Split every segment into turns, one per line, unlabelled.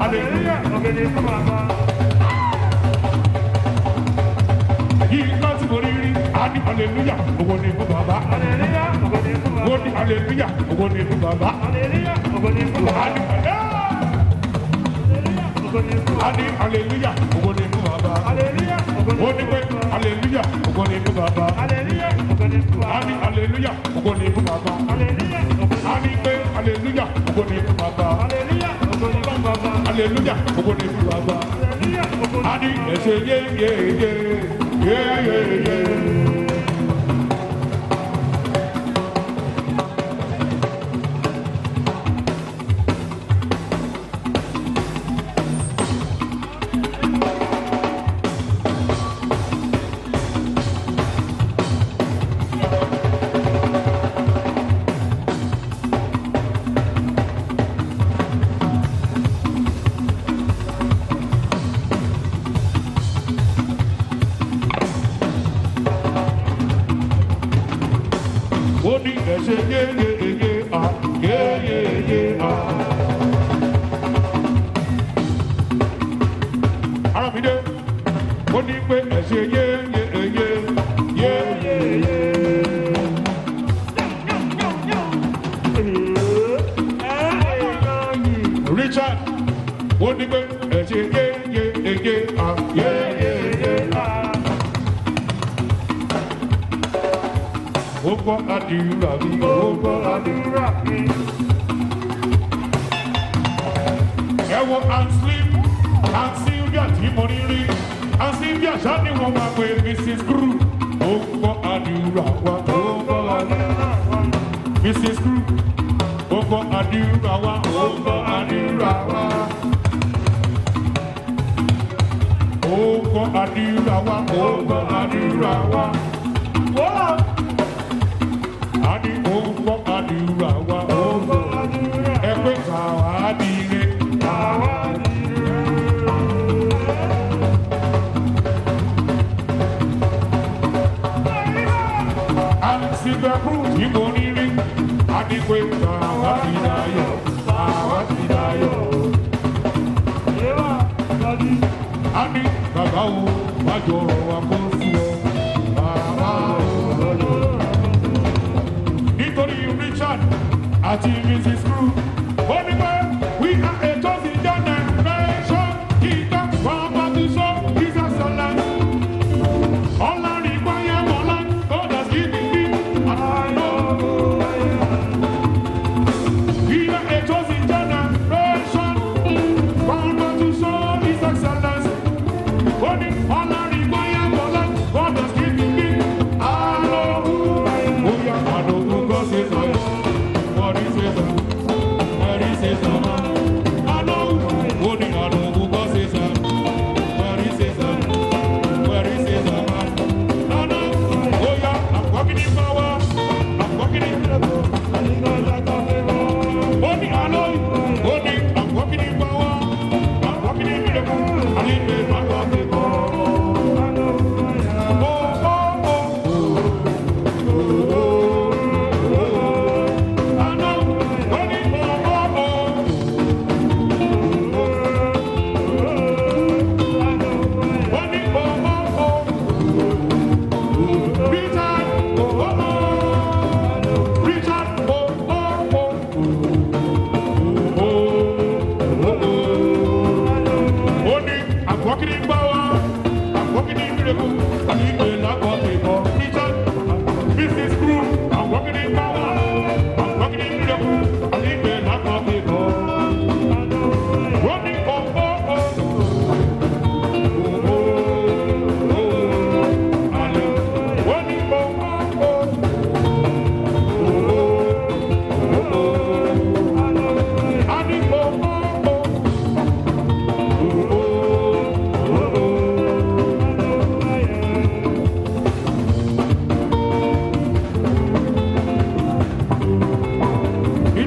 Hallelujah. Ọ̀gẹ̀dẹ̀ kọ́ bàbá. Yìí ká tí mo rí rí. A ní hallelujah. Ògo ni fún bàbá. Hallelujah. Ògo ni fún bàbá. Wọ́n ní hallelujah. Ògo ni fún bàbá. Hallelujah. Ògo ni fún bàbá. A ní hallelujah. Ògo ni fún bàbá. Hallelujah. Ògo ni fún bàbá. Hallelujah. Ògo ni fún bàbá. Hallelujah. Ògo ni fún bàbá. A ní hallelujah. Ògo ni fún bàbá. Hallelujah. A ní pé hallelujah. Ògo ni fún bàbá. Hallelujah aleluya ògo ni fún bàbá. yeah, yeah, yeah. yéyéyé yéyéyé. i ó ní pé ẹ ṣe yé yé and sleep and see. Cynthia tí mo rí rí Cynthia ṣá ni wọ́n máa pe Mrs. Crew ó ń gbọ́ àdúrà wa ó ń gbọ́ wa Mrs. Crew ó ń gbọ́ àdúrà wa ó ń gbọ́ wa ó ń gbọ́ wa ó ń gbọ́ wa. àti mrs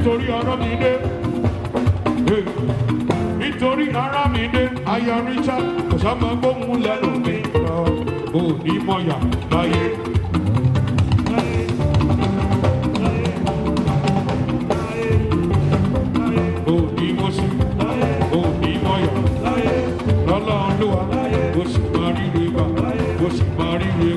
nítorí ọ̀rọ̀ mi dé nítorí ara mi dé aya Richard kò sábà gbóhùn lẹ́nu mi lọ òní mọ̀yà láyé. òní mo sì òní mọ̀yà lọ́lọ́run ló wà kò sì máa rí rẹ̀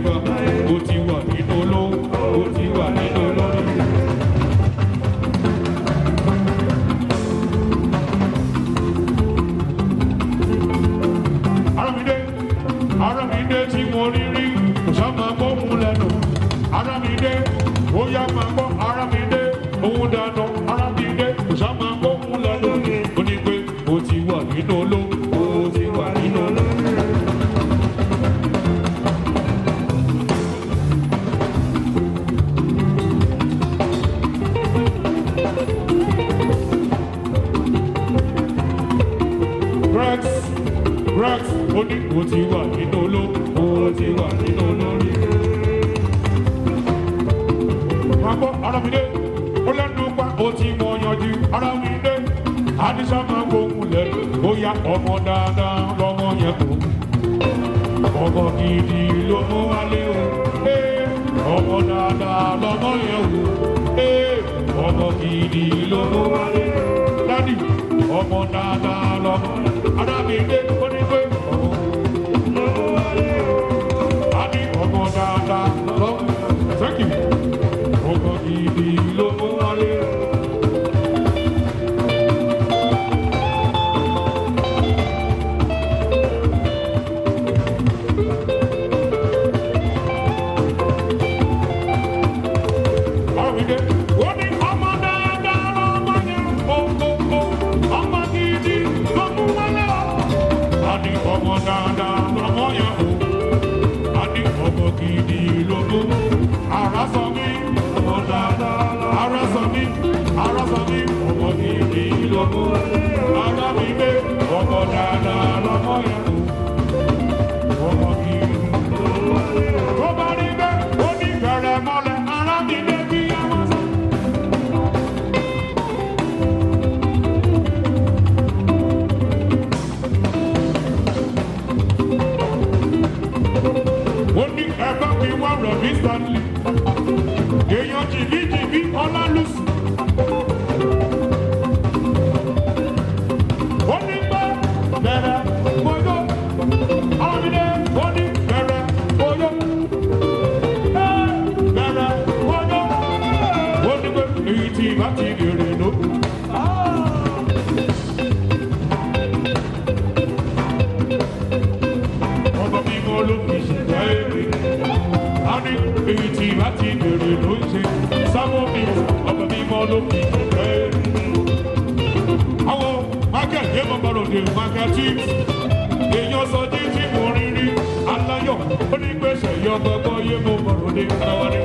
yọgbọgbọ yé mo bọ̀rọ̀ ní káwárí.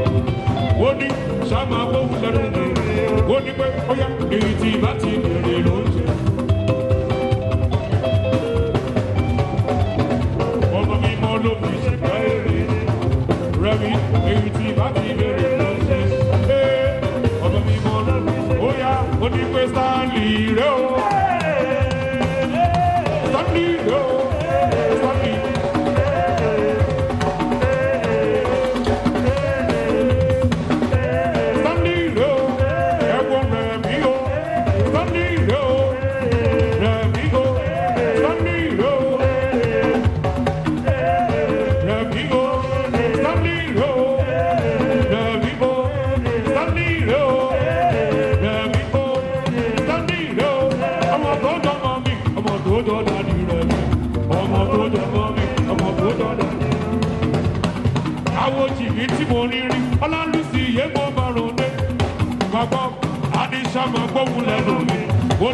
ó ní sáàmà gbóhùn sẹ́nu ní ó ní pé ó yá èyí tí ti bèrè ló ń jẹ. ọmọ mi mọ ló fi ṣẹ̀dá èrè rẹ̀mí èyí tí bá ti mi mọ ló fi ṣẹ̀dá ó yá ó ní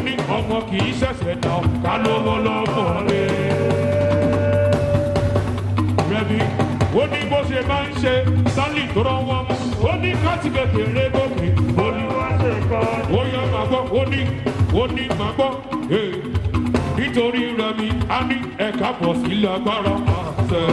ní ọmọ kì í ṣẹ̀ṣẹ̀ dá ká lówó lọ́mọ rẹ̀. Rẹ̀mí ó ní bó ṣe máa ń ṣe sálì tó rọ́wọ́ mú ó ní kátìkẹ̀kẹ̀ rẹ̀ gòkè ó ní wá ṣe kọ́. Ó yá màá gbọ́ ó ní ó ní màá gbọ́ nítorí Rẹ̀mí á ní ẹ̀ka pọ̀ sí lágbára àṣẹ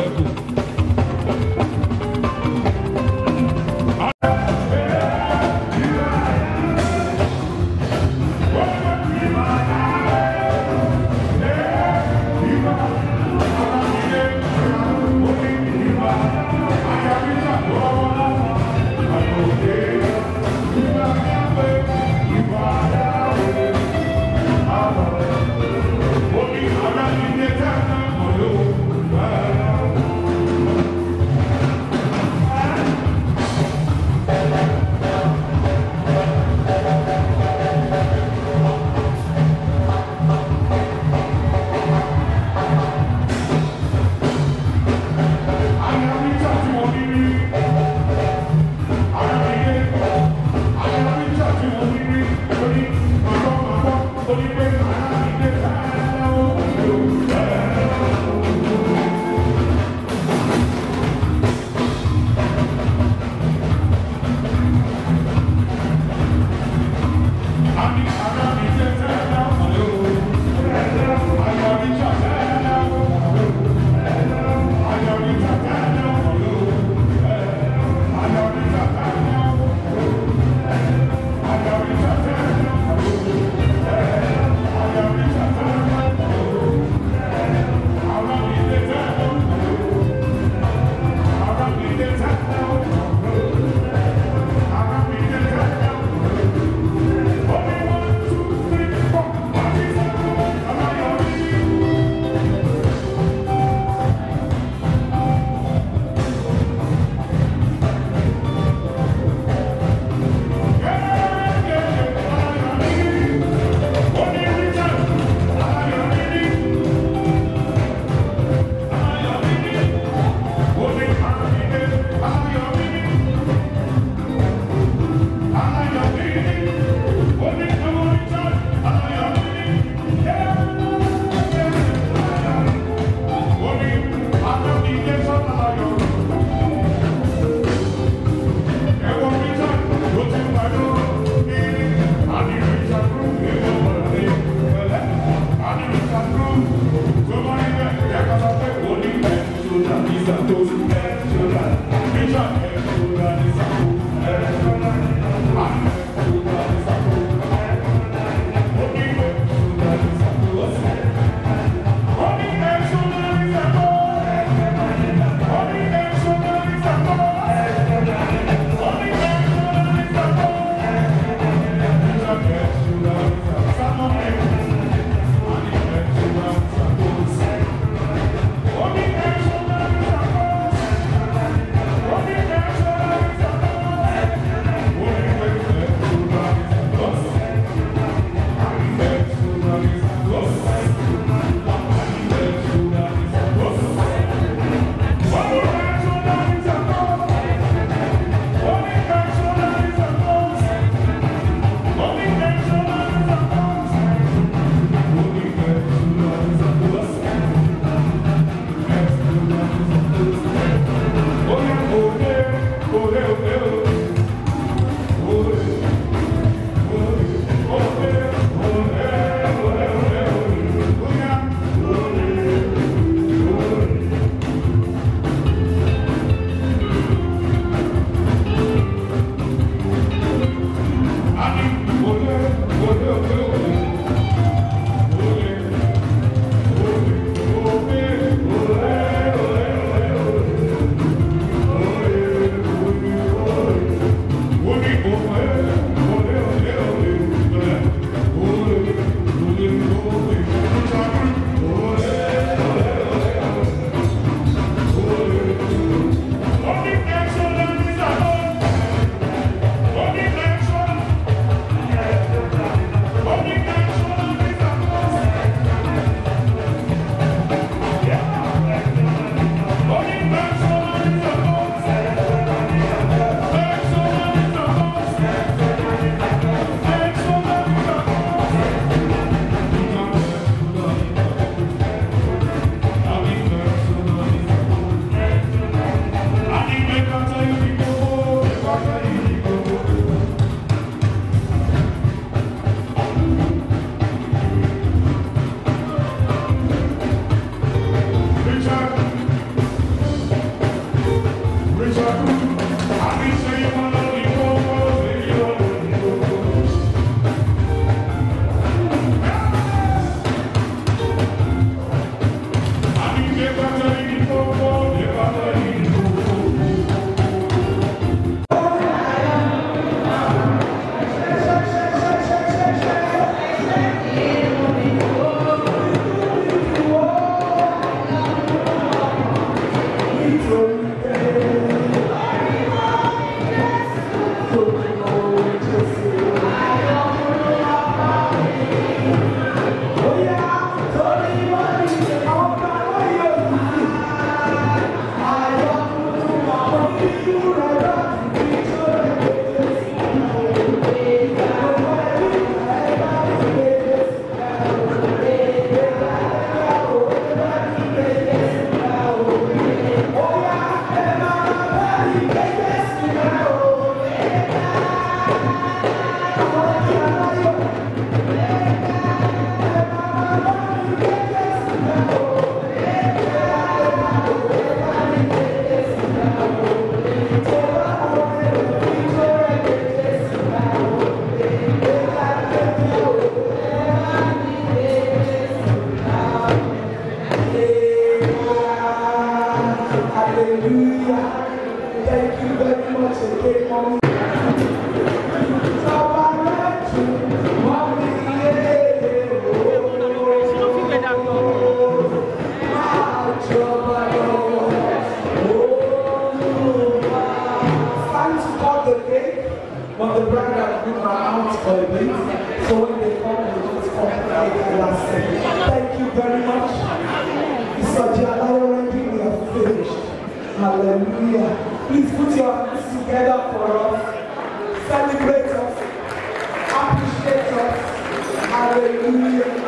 Hallelujah. Please put your hands together for us. Celebrate us. Appreciate us. Hallelujah.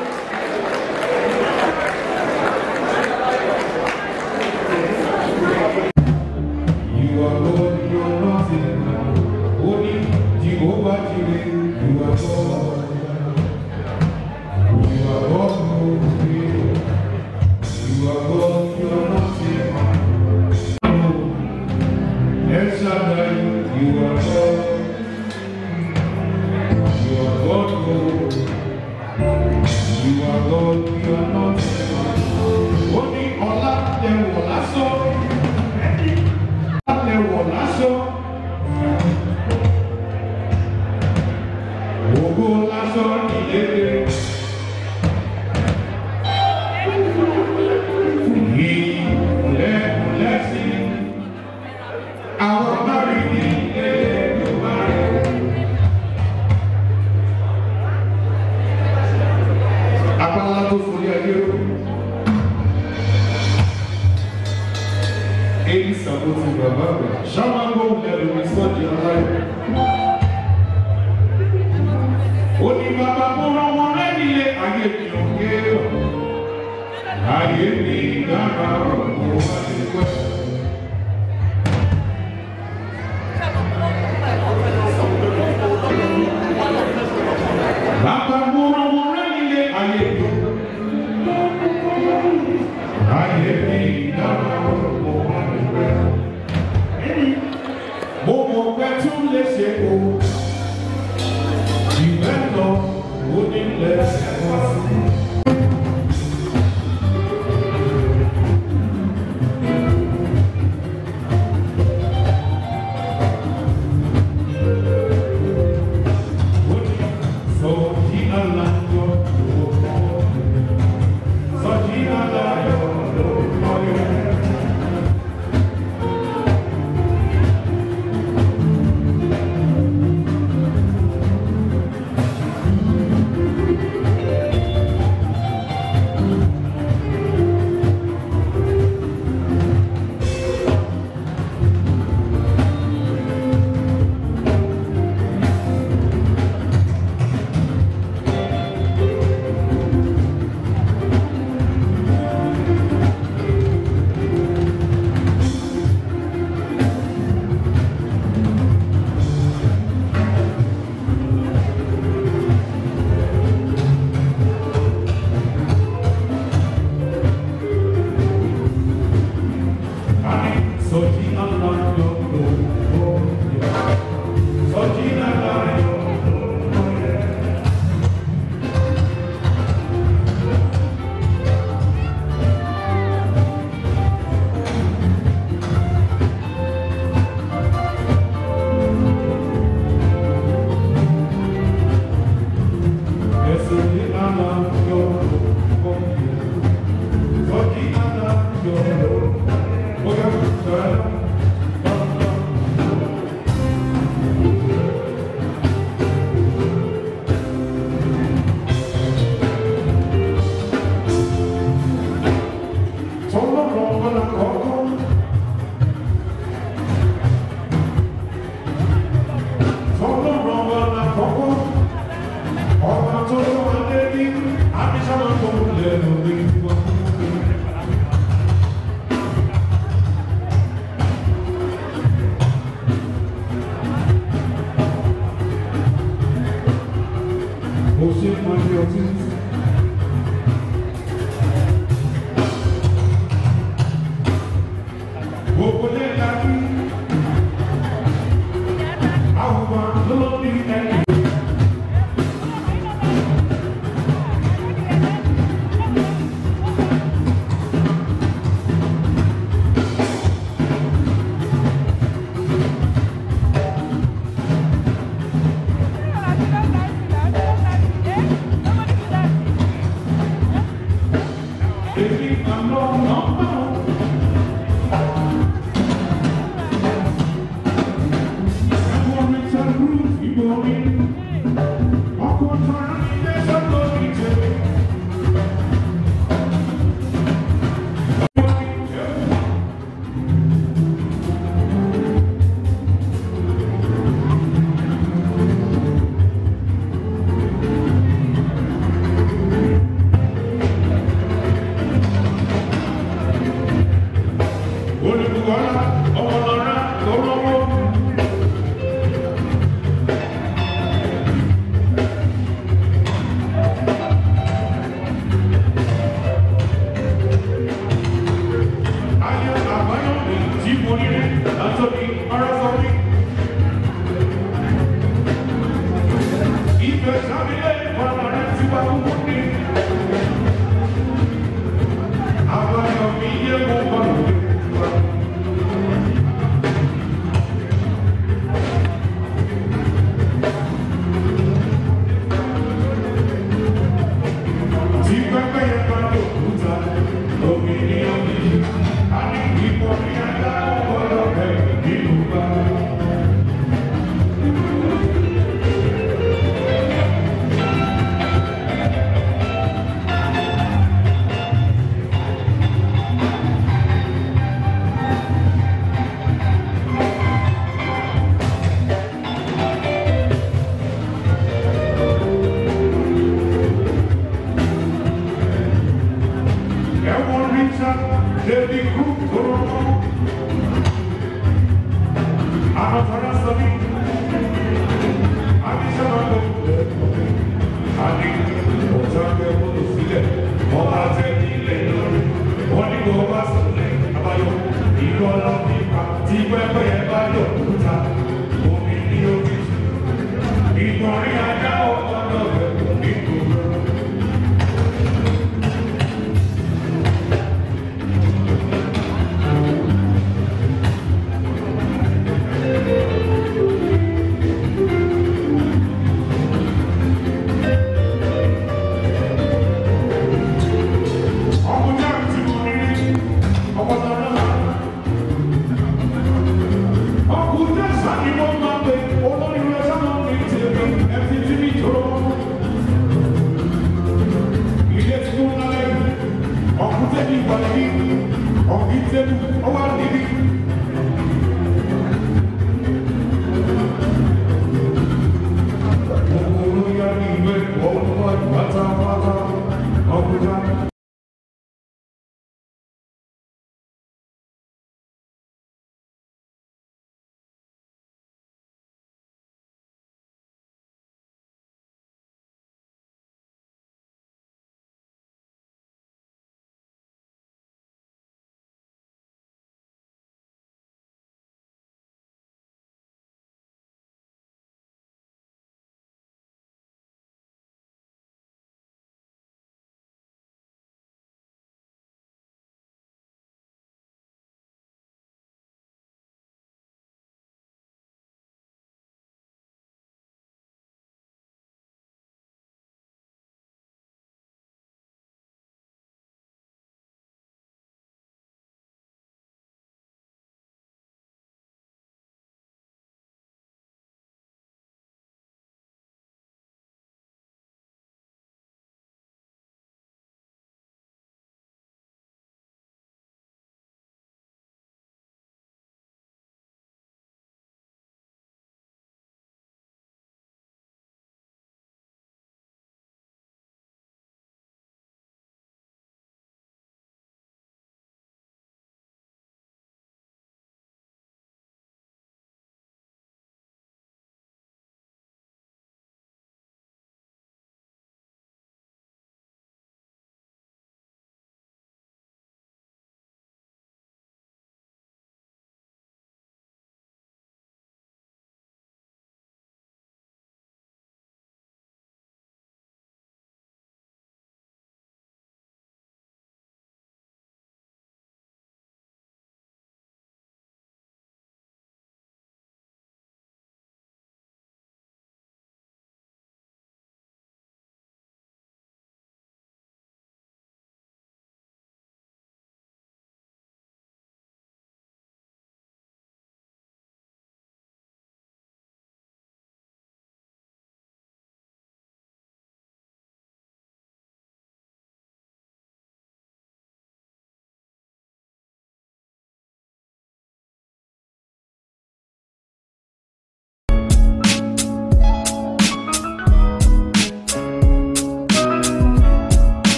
Ogun lásán ìlérí.